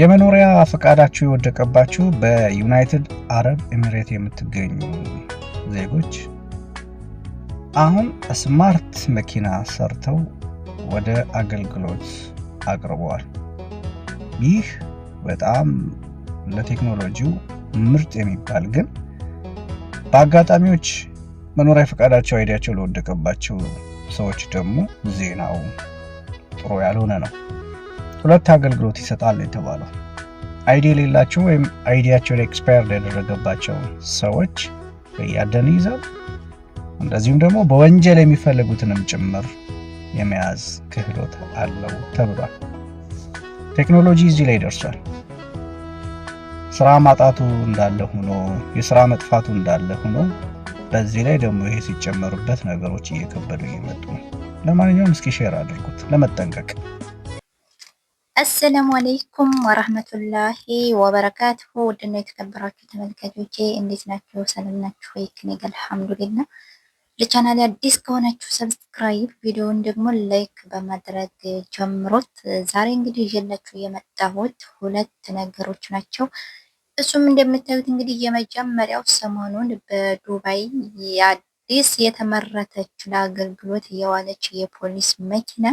የመኖሪያ ፈቃዳችሁ የወደቀባችሁ በዩናይትድ አረብ ኤምሬት የምትገኙ ዜጎች አሁን ስማርት መኪና ሰርተው ወደ አገልግሎት አቅርበዋል። ይህ በጣም ለቴክኖሎጂው ምርጥ የሚባል ግን በአጋጣሚዎች መኖሪያ ፈቃዳቸው አይዲያቸው ለወደቀባቸው ሰዎች ደግሞ ዜናው ጥሩ ያልሆነ ነው። ሁለት አገልግሎት ይሰጣል የተባለው አይዲ የሌላቸው ወይም አይዲያቸው ኤክስፓየርድ ያደረገባቸው ሰዎች በያደን ይዘው እንደዚሁም ደግሞ በወንጀል የሚፈልጉትንም ጭምር የመያዝ ክህሎት አለው ተብሏል። ቴክኖሎጂ እዚህ ላይ ደርሷል። ስራ ማጣቱ እንዳለ ሆኖ የስራ መጥፋቱ እንዳለ ሆኖ በዚህ ላይ ደግሞ ይሄ ሲጨመሩበት ነገሮች እየከበዱ እየመጡ ነው። ለማንኛውም እስኪ ሼር አድርጉት ለመጠንቀቅ አሰላሙ አሌይኩም ወረህመቱላሂ ወበረካቱሁ ውድና የተከበራችሁ ተመልካቾቼ እንዴት ናችሁ? ሰላም ናችሁ ወይ? ከኔ ጋር አልሐምዱሊላህ። ለቻናል አዲስ ከሆናችሁ ሰብስክራይብ፣ ቪዲዮውን ደግሞ ላይክ በማድረግ ጀምሮት። ዛሬ እንግዲህ ይዤላችሁ የመጣሁት ሁለት ነገሮች ናቸው። እሱም እንደምታዩት እንግዲህ የመጀመሪያው ሰሞኑን በዱባይ አዲስ የተመረተች ለአገልግሎት የዋለች የፖሊስ መኪና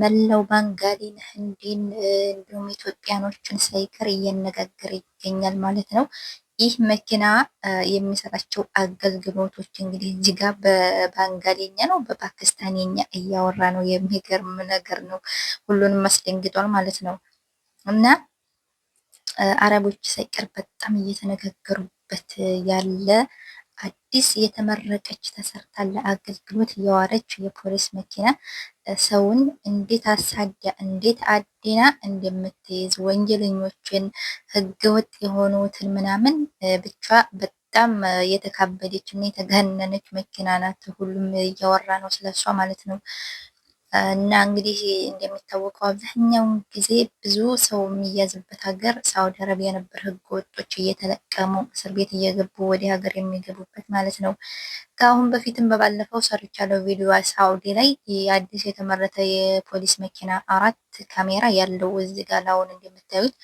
መላው ባንጋሊን፣ ህንዲን እንዲሁም ኢትዮጵያኖችን ሳይቀር እያነጋገረ ይገኛል ማለት ነው። ይህ መኪና የሚሰጣቸው አገልግሎቶች እንግዲህ እዚህ ጋር በባንጋሊኛ ነው በፓኪስታንኛ እያወራ ነው። የሚገርም ነገር ነው። ሁሉንም አስደንግጧል ማለት ነው። እና አረቦች ሳይቀር በጣም እየተነጋገሩበት ያለ አዲስ የተመረቀች ተሰርታ ለአገልግሎት የዋለች የፖሊስ መኪና ሰውን እንዴት አሳዳ እንዴት አዲና እንደምትይዝ ወንጀለኞችን ህገወጥ የሆኑትን ምናምን ብቻ በጣም የተካበደች እና የተገነነች መኪና ናት። ሁሉም እያወራ ነው ስለሷ ማለት ነው። እና እንግዲህ እንደሚታወቀው አብዛኛውን ጊዜ ብዙ ሰው የሚያዝበት ሀገር ሳውዲ አረቢያ ነበር። ህገ ወጦች እየተለቀሙ እስር ቤት እየገቡ ወደ ሀገር የሚገቡበት ማለት ነው። ከአሁን በፊትም በባለፈው ሰርቻለሁ ቪዲዮ ሳውዲ ላይ አዲስ የተመረተ የፖሊስ መኪና አራት ካሜራ ያለው እዚህ ጋር አሁን እንደምታዩት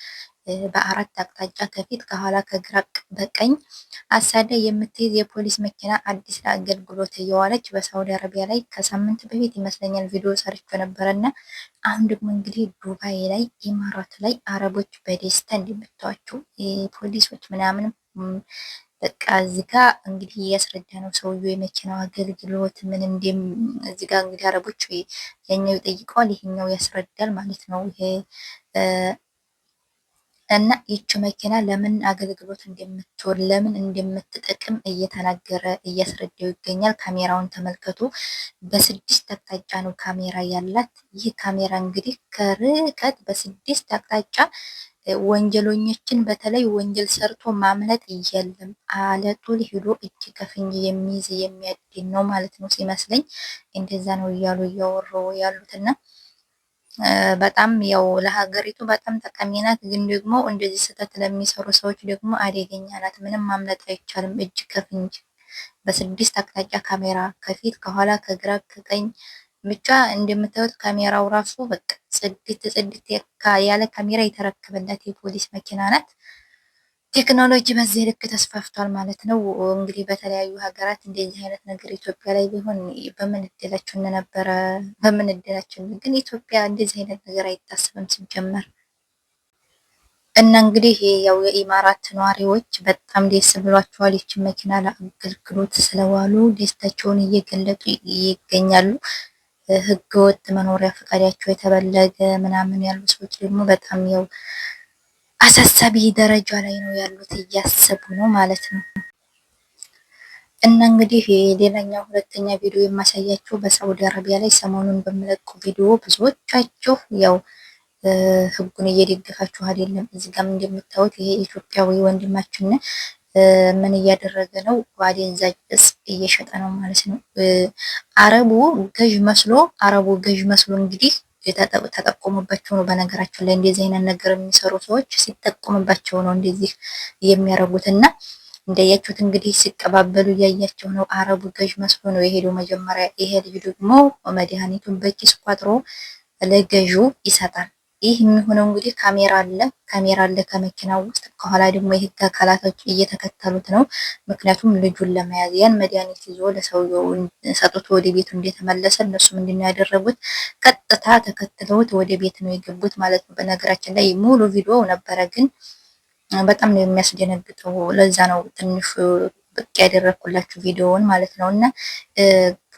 በአራት አቅጣጫ ከፊት፣ ከኋላ፣ ከግራ በቀኝ አሳዳ የምትይዝ የፖሊስ መኪና አዲስ ለአገልግሎት እየዋለች በሳውዲ አረቢያ ላይ ከሳምንት በፊት ይመስለኛል ቪዲዮ ሰርቼ ነበረ እና አሁን ደግሞ እንግዲህ ዱባይ ላይ ኢማራቱ ላይ አረቦች በደስታ እንደምታዋቸው ፖሊሶች ምናምን በቃ እዚጋ እንግዲህ እያስረዳ ነው ሰውዬው የመኪናው አገልግሎት ምን እንደም እዚጋ እንግዲህ አረቦች ያኛው ይጠይቀዋል፣ ይሄኛው ያስረዳል ማለት ነው ይሄ እና ይቺ መኪና ለምን አገልግሎት እንደምትውል ለምን እንደምትጠቅም እየተናገረ እያስረዳው ይገኛል። ካሜራውን ተመልከቱ። በስድስት አቅጣጫ ነው ካሜራ ያላት። ይህ ካሜራ እንግዲህ ከርቀት በስድስት አቅጣጫ ወንጀለኞችን በተለይ ወንጀል ሰርቶ ማምለጥ እያለም አለጡል ሂዶ እጅ ከፍንጅ የሚይዝ የሚያድን ነው ማለት ነው ሲመስለኝ። እንደዛ ነው እያሉ እያወሩ ያሉትና በጣም ያው ለሀገሪቱ በጣም ጠቃሚ ናት። ግን ደግሞ እንደዚህ ስህተት ለሚሰሩ ሰዎች ደግሞ አደገኛ ናት። ምንም ማምለጥ አይቻልም። እጅ ከፍንጅ በስድስት አቅጣጫ ካሜራ ከፊት፣ ከኋላ፣ ከግራ፣ ከቀኝ ብቻ እንደምታዩት ካሜራው ራሱ በቃ ጽድት ጽድት ያለ ካሜራ የተረከበላት የፖሊስ መኪና ናት። ቴክኖሎጂ በዚህ ልክ ተስፋፍቷል ማለት ነው። እንግዲህ በተለያዩ ሀገራት እንደዚህ አይነት ነገር ኢትዮጵያ ላይ ቢሆን በምንድላችን በምን በምንድላችን፣ ግን ኢትዮጵያ እንደዚህ አይነት ነገር አይታሰብም ሲጀመር እና እንግዲህ ያው የኢማራት ነዋሪዎች በጣም ደስ ብሏቸዋል። ይችን መኪና ለአገልግሎት ስለዋሉ ደስታቸውን እየገለጡ ይገኛሉ። ህገወጥ መኖሪያ ፈቃዳቸው የተበለገ ምናምን ያሉ ሰዎች ደግሞ በጣም ያው አሳሳቢ ደረጃ ላይ ነው ያሉት፣ እያሰቡ ነው ማለት ነው። እና እንግዲህ ሌላኛው ሁለተኛ ቪዲዮ የማሳያችሁ በሳውዲ አረቢያ ላይ ሰሞኑን በምለቁ ቪዲዮ ብዙዎቻችሁ ያው ህጉን እየደገፋችሁ አይደለም። እዚህ ጋም እንደምታዩት ይሄ ኢትዮጵያዊ ወንድማችን ምን እያደረገ ነው? አደንዛዥ እጽ እየሸጠ ነው ማለት ነው። አረቡ ገዥ መስሎ አረቡ ገዥ መስሎ እንግዲህ ተጠቆሙባቸው ነው። በነገራችን ላይ እንደዚህ አይነት ነገር የሚሰሩ ሰዎች ሲጠቆሙባቸው ነው እንደዚህ የሚያረጉት እና እንግዲህ ሲቀባበሉ እያያቸው ነው። አረቡ ገዥ መስሎ ነው የሄደው መጀመሪያ። ይሄ ልጅ ደግሞ መድኃኒቱን በኪስ ቋጥሮ ለገዢው ይሰጣል። ይህ የሚሆነው እንግዲህ ካሜራ አለ ካሜራ አለ ከመኪና ውስጥ ከኋላ ደግሞ የህግ አካላቶች እየተከተሉት ነው። ምክንያቱም ልጁን ለመያዝ ያን መድኃኒት ይዞ ለሰውየው ሰጥቶ ወደ ቤቱ እንደተመለሰ እነሱ ምንድን ያደረጉት? ቀጥታ ተከትለውት ወደ ቤት ነው የገቡት ማለት ነው። በነገራችን ላይ ሙሉ ቪዲዮው ነበረ፣ ግን በጣም ነው የሚያስደነግጠው። ለዛ ነው ትንሽ ብቅ ያደረግኩላችሁ ቪዲዮውን ማለት ነው እና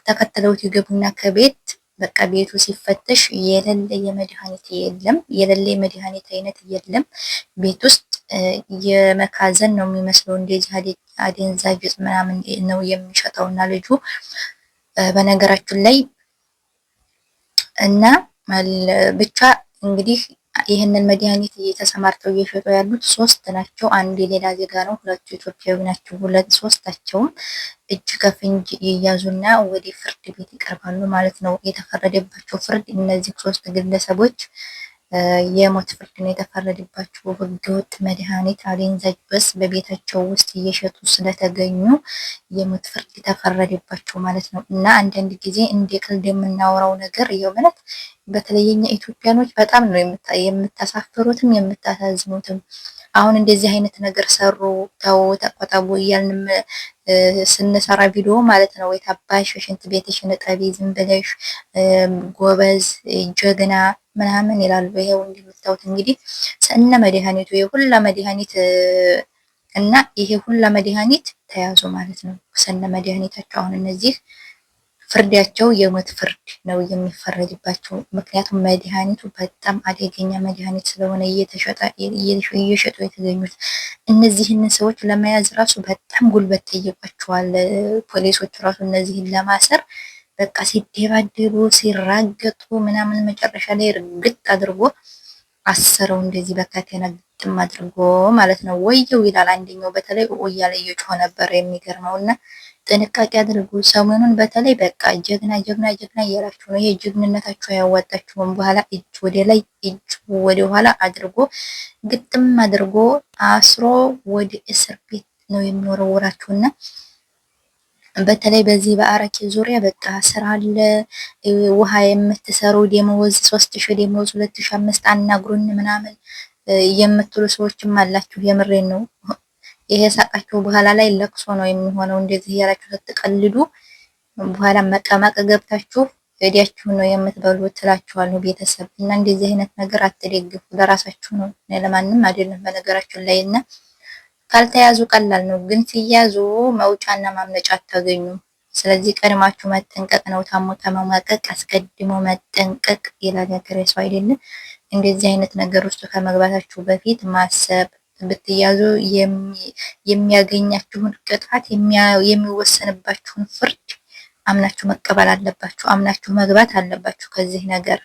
ተከትለውት ይገቡና ከቤት በቃ ቤቱ ሲፈተሽ የሌለ የመድኃኒት የለም፣ የሌለ የመድኃኒት አይነት የለም። ቤት ውስጥ የመካዘን ነው የሚመስለው እንደዚህ አደንዛዥ ዕፅ ምናምን ነው የሚሸጠው እና ልጁ በነገራችን ላይ እና ብቻ እንግዲህ ይህንን መድኃኒት እየተሰማርተው እየሸጡ ያሉት ሶስት ናቸው። አንድ የሌላ ዜጋ ነው። ሁለቱ ኢትዮጵያዊ ናቸው። ሁለት ሶስታቸውም እጅ ከፍንጅ ይያዙና ወደ ፍርድ ቤት ይቀርባሉ ማለት ነው። የተፈረደባቸው ፍርድ እነዚህ ሶስት ግለሰቦች የሞት ፍርድ ነው የተፈረደባቸው። ህገወጥ መድኃኒት፣ አደንዛዥ እጽ በቤታቸው ውስጥ እየሸጡ ስለተገኙ የሞት ፍርድ የተፈረደባቸው ማለት ነው። እና አንዳንድ ጊዜ እንደ ቀልድ የምናወራው ነገር ማለት በተለየኛ ኢትዮጵያኖች በጣም ነው የምታሳፍሩትም የምታሳዝኑትም። አሁን እንደዚህ አይነት ነገር ሰሩ፣ ተው፣ ተቆጠቡ እያልንም ስንሰራ ቪዲዮ ማለት ነው። የታባሽ ሽንት ቤትሽን እጠቢ፣ ዝም ብለሽ ጎበዝ፣ ጀግና ምናምን ይላሉ። ይሄው እንደምታዩት እንግዲህ እነ መድኃኒቱ የሁላ መድኃኒት እና ይሄ ሁላ መድኃኒት ተያዙ ማለት ነው። ሰነ መድኃኒታቸው አሁን እነዚህ ፍርዳቸው የሞት ፍርድ ነው የሚፈረድባቸው። ምክንያቱም መድኃኒቱ በጣም አደገኛ መድኃኒት ስለሆነ እየሸጡ የተገኙት እነዚህን ሰዎች ለመያዝ ራሱ በጣም ጉልበት ጠይቋቸዋል። ፖሊሶች ራሱ እነዚህን ለማሰር በቃ ሲደባደቡ ሲራገጡ ምናምን መጨረሻ ላይ እርግጥ አድርጎ አሰረው። እንደዚህ በካቴና ግጥም አድርጎ ማለት ነው። ወየው ይላል አንደኛው። በተለይ እያለ እየጮኸ ነበር። የሚገርመውና ጥንቃቄ አድርጉ። ሰሞኑን በተለይ በቃ ጀግና ጀግና ጀግና እያላችሁ ነው። ይሄ ጀግንነታችሁ አያዋጣችሁም። በኋላ እጅ ወደ ላይ እጅ ወደ ኋላ አድርጎ ግጥም አድርጎ አስሮ ወደ እስር ቤት ነው የሚወረውራችሁና በተለይ በዚህ በአራኪ ዙሪያ በቃ ስራ አለ። ውሃ የምትሰሩ ደመወዝ 3000 ሺህ ደመወዝ አናግሩን ምናምን የምትሉ ሰዎችም አላችሁ። የምሬን ነው። ይሄ ሳቃችሁ በኋላ ላይ ለቅሶ ነው የሚሆነው። እንደዚህ እያላችሁ ስትቀልዱ በኋላ መቀመቅ ገብታችሁ እዲያችሁን ነው የምትበሉት ትላችኋለሁ ቤተሰብ። እና እንደዚህ አይነት ነገር አትደግፉ፣ ለራሳችሁ ነው ለማንም አይደለም። በነገራችን ላይ እና ካልተያዙ ቀላል ነው፣ ግን ሲያዙ መውጫና ማምለጫ አታገኙም። ስለዚህ ቀድማችሁ መጠንቀቅ ነው። ታሞ ከመሟቀቅ አስቀድሞ መጠንቀቅ ይላል ያገሬ ሰው አይደለም። እንደዚህ አይነት ነገር ውስጥ ከመግባታችሁ በፊት ማሰብ ብትያዙ የሚያገኛችሁን ቅጣት የሚወሰንባችሁን ፍርድ አምናችሁ መቀበል አለባችሁ። አምናችሁ መግባት አለባችሁ ከዚህ ነገር